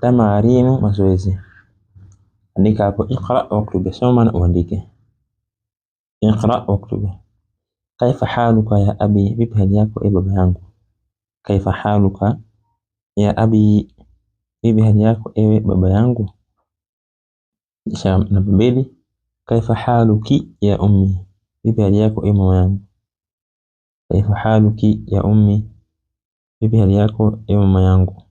Tamaarinu mazoezi. Andika hapo iqra waktub, soma na uandike. Iqra waktub. Kaifa haluka ya abi, vipi hali yako e baba yangu. Kaifa haluka ya abi, vipi hali yako ewe baba yangu. Kisha namba mbili, kaifa haluki ya ummi, vipi hali yako e mama yangu. Kaifa haluki ya ummi, vipi hali yako e mama yangu.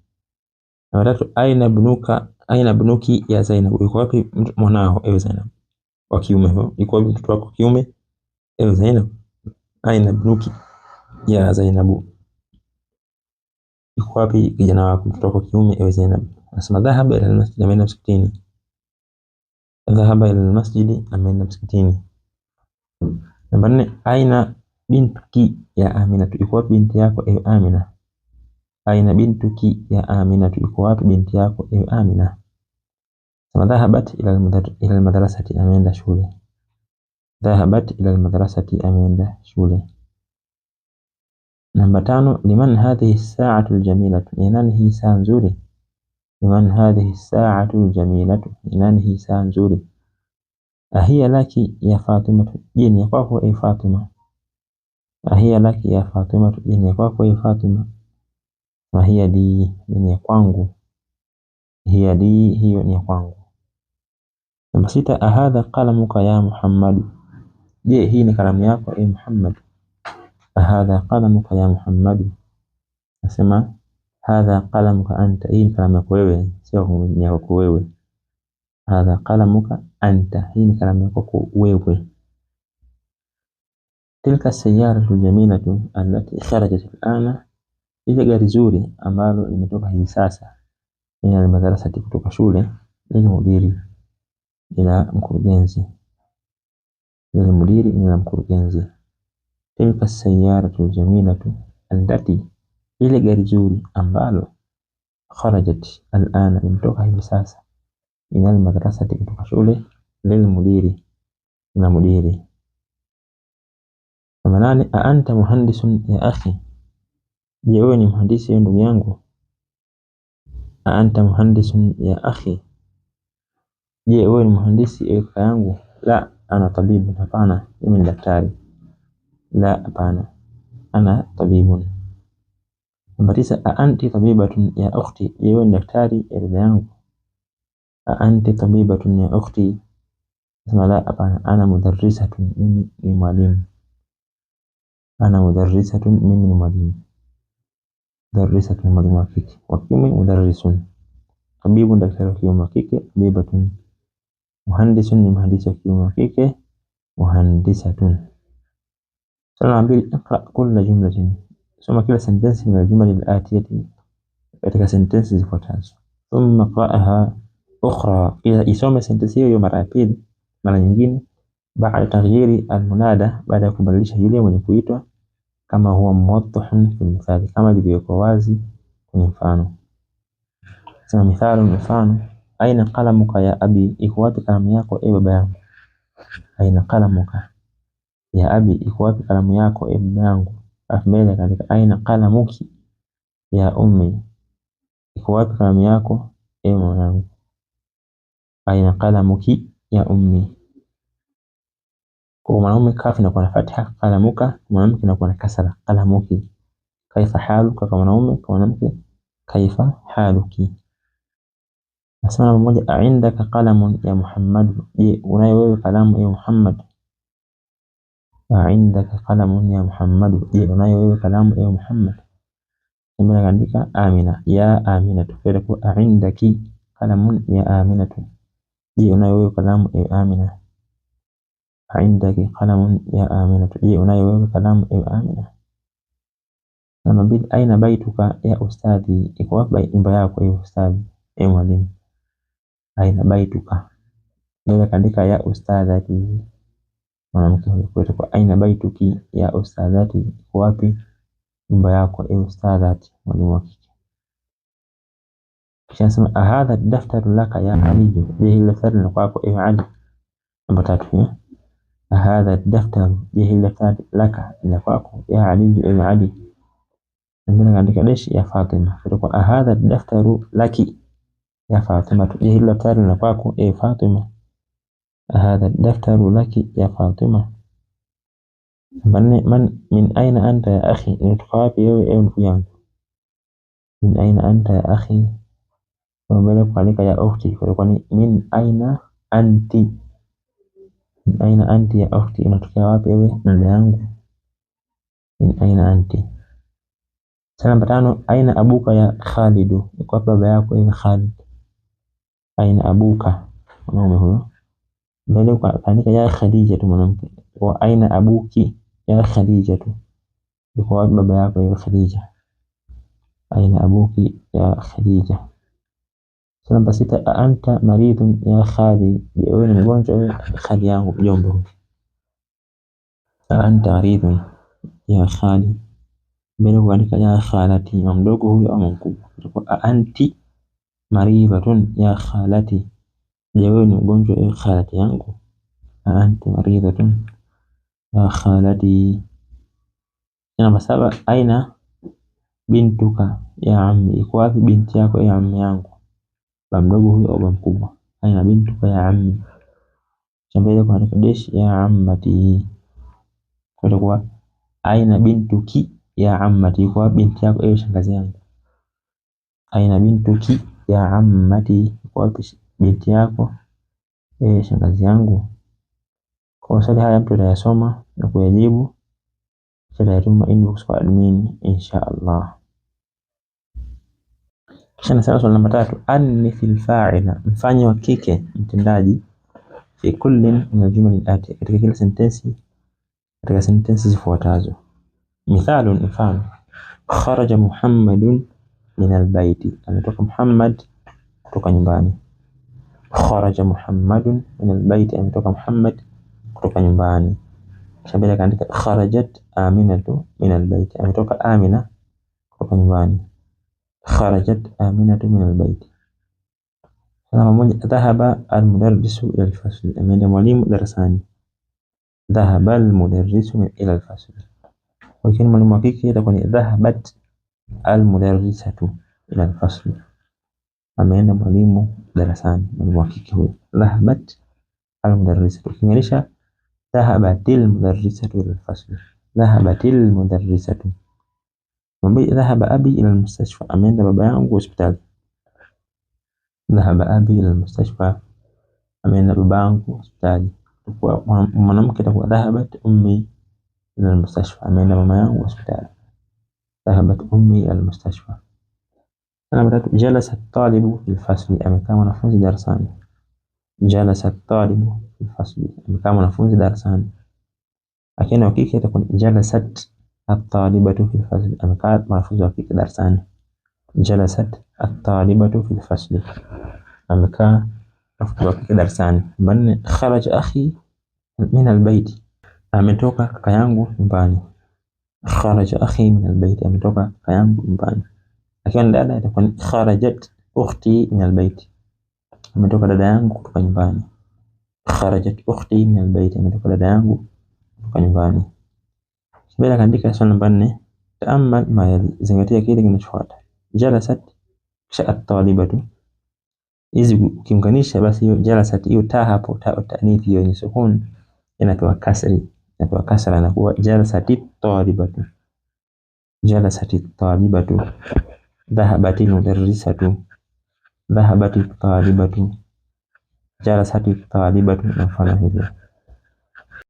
Namba tatu, aina bunuka aina bunuki ya Zainab, yuko wapi mwanao ewe Zainab? Wa kiume huyo, yuko wapi mtoto wako kiume ewe Zainab? Aina bunuki ya Zainab, yuko wapi kijana wako mtoto wako kiume ewe Zainab? Anasema dhahaba ila almasjid, ameenda msikitini. Dhahaba ila almasjid, ameenda msikitini. Namba nne, aina binti ya Amina, yuko wapi binti yako ewe Amina? aina bintuki ya Aminatu, yuko wapi binti yako ewe Amina? Sema dhahabat ila almadrasati, ameenda shule. Dhahabat ila almadrasati, ameenda shule. Namba tano, liman hadhihi saatu ljamilatu, ni nani hii saa nzuri? Liman hadhihi saatu aljamilatu, ni nani hii saa nzuri? Ahiya laki ya Fatima, je, ni kwako ewe Fatima? Ahiya laki ya Fatima, je, ni kwako ewe Fatima? na hii hadi ni ya kwangu, hii hadi hiyo ni ya kwangu. Namba sita, ahadha qalamuka ya Muhammad, je, hii ni kalamu yako e Muhammad? Ahadha qalamuka ya Muhammad, nasema hadha qalamuka anta, hii ni kalamu yako wewe, sio ni yako wewe. Hadha qalamuka anta, hii ni kalamu yako wewe. Tilka sayaratu jamilatu allati kharajat alana Hili gari zuri ambalo limetoka hivi sasa lina madarasa kutoka shule lina mudiri lina mkurugenzi lina mdiri lina mkurugenzi. Tilka sayaratu jamilatu allati, ile gari zuri ambalo kharajat alana, limetoka hivi sasa ina madarasa kutoka shule lina mudiri na mdiri. 8. Aanta muhandisun ya akhi Je, wewe ni mhandisi ndugu yangu? Anta muhandisun ya akhi? Je, wewe ni mhandisi ewe kaka yangu? La, ana tabibu. hapana, mimi ni daktari. La, hapana, ana tabibu. Namba tisa, aanti anti tabibatun ya ukhti? Je, wewe ni daktari ya dada yangu? Aanti anti tabibatun ya ukhti? Sema la, hapana, ana mudarrisatun, mimi ni mwalimu. Ana mudarrisatun, mimi ni mwalimu. darasa mwalimu wa kike, wa kiume mudarrisun, tabibu daktari wa kiume, wa kike tabibatun, muhandisun ni mhandisi wa kiume, wa kike muhandisatun. Swali la mbili, iqra kulla jumlatin, soma kila sentensi min aljumla alatiyati, katika sentensi zifuatazo. Thumma qra'aha ukhra, ila isome sentensi hiyo mara ya pili, mara nyingine, baada taghyiri almunada, baada ya kubadilisha yule mwenye kuitwa kama huwa muwadhahun fi mithali, kama ilivyokuwa wazi kwenye mfano. Sema mithali, mfano aina qalamuka ya abi, iko wapi kalamu yako e baba yangu. Aina qalamuka ya abi, iko wapi kalamu yako e baba yangu. Alafu mbele aina qalamuki ya ummi, iko wapi kalamu yako e mwanangu. Aina qalamuki ya ummi. Kwa mwanaume kafu inakuwa na fatha qalamuka, mwanamke inakuwa na kasra kalamuki. Kaifa haluka kwa mwanaume, kwa mwanamke kaifa haluki. Nasema namba moja, aindaka qalamun ya Muhammad, je, unayo wewe kalamu ya Muhammad? Aindaka qalamun ya Muhammad, je, unayo wewe kalamu ya Muhammad? Mimi naandika Amina, ya Amina, tupeleke kwa aindaki qalamun ya Amina, tu, je, unayo wewe kalamu ya Amina? indaki qalamun ya amina je, unayo wewe kalamu ewe Amina? Namba mbili, aina baituka ya ustadhi, iko wapi nyumba yako ewe ustadhi, ewe eh, mwalimu? Aina baituka, naweza kaandika ya ustadhati, mwanamke huyo kwetu, kwa aina baituki ya ustadhati, iko wapi nyumba yako ewe ustadhati, mwalimu wa Kisha nasema ahadha daftaru laka ya Aliyu, je, hili daftari ni kwako ewe eh, Ali? Namba tatu eh. فهذا الدفتر به الدفتر لك يفاق يا علي يا علي عندنا عندك ليش يا فاطمة فتقول هذا الدفتر لك يا فاطمة به الدفتر لك يا فاطمة هذا الدفتر لك يا فاطمة من من من أين أنت يا أخي لتقابل ابن فلان من أين أنت يا أخي وملك عليك يا أختي فتقول من أين أنت aina anti ya akhti unatokea wapi wewe dada yangu? Min aina anti. Sasa namba tano, aina abuka ya Khalidu, iko wapi baba yako ni Khalid? Aina abuka, mwanaume huyo. Mbele kaandika ya Khadija tu mwanamke, wa aina abuki ya Khadija tu, iko wapi baba yako ni Khadija? Aina abuki ya Khadija. So, namba sita, anta maridhun ya khali, je wewe ni mgonjwa wewe khali yangu mjomba. Anta maridhun ya khali, mbele kuandika ya khalati, ima mdogo huyo ama mkubwa, anti maridhatun ya khalati, je wewe ni mgonjwa ya khalati yangu. Anti maridhatun ya khalati. Namba saba, aina bintuka ya ammi, iko wapi binti yako ya ammi yangu baba mdogo huyo au baba mkubwa. bintu tukae ya ammi. chambele kwa kuna deshi ya ammati. Kwa kwa aina ki ya ammati, kwa binti yako ewe shangazi yangu. Aina ki ya ammati, kwa binti yako ewe shangazi yangu. Kwa maswali haya mtu atayasoma na kuyajibu, atayatuma inbox kwa admin insha Allah. Kisha nasema swali namba tatu, fil fa'ila, mfanye wa kike mtendaji, fi kullin min aljumla ati katika kila sentensi, katika sentensi zifuatazo. Mithalu, mfano kharaja Muhammadun min albayti, ametoka Muhammad kutoka nyumbani. Kharaja Muhammadun min albayti, ametoka Muhammad kutoka nyumbani. Kisha mbele kaandika kharajat Aminatu min albayti, ametoka Amina kutoka nyumbani. خرجت آمنة من البيت ذهب المدرس إلى الفصل من المعلم درساني ذهب المدرس إلى الفصل ولكن من المحقيقي تكون ذهبت المدرسة إلى الفصل أمين المعلم درساني من المحقيقي هو ذهبت المدرسة لكن ذهبت المدرسة إلى ذهبت المدرسة أبي ذهب أبي إلى المستشفى أمين بابا يانغو هوسبيتال ذهب أبي إلى المستشفى أمين بابا يانغو هوسبيتال ومنامك تقوى ذهبت أمي إلى المستشفى أمين بابا يانغو هوسبيتال ذهبت أمي إلى المستشفى أنا بدأت جلس الطالب في الفصل أمي كان منفوز درسان جلس الطالب في الفصل أمي كان منفوز درسان أكينا وكيكي تكون جلست الطالبة في الفصل القاعد مرفوزة في كدرسان جلست الطالبة في الفصل القاعد مرفوزة في كدرسان من خرج أخي من البيت أمتوكا كيانغو مباني خرج أخي من البيت أمتوكا كيانغو مباني لكن لا تكون خرجت أختي من البيت أمتوكا لدانغو كيانغو مباني خرجت أختي من البيت أمتوكا لدانغو كيانغو مباني Mbele akaandika swali namba nne, taamal ma, zingatia kile kinachofuata. Jalasat kisha at-talibatu. Hizi ukiunganisha basi hiyo jalasat hiyo ta hapo ta tanithi hiyo ni sukun inapewa kasri, inapewa kasra na kuwa jalasati talibatu. Jalasati talibatu. Dhahabati mudarrisatu. Dhahabati talibatu. Jalasati talibatu nafanya hivyo.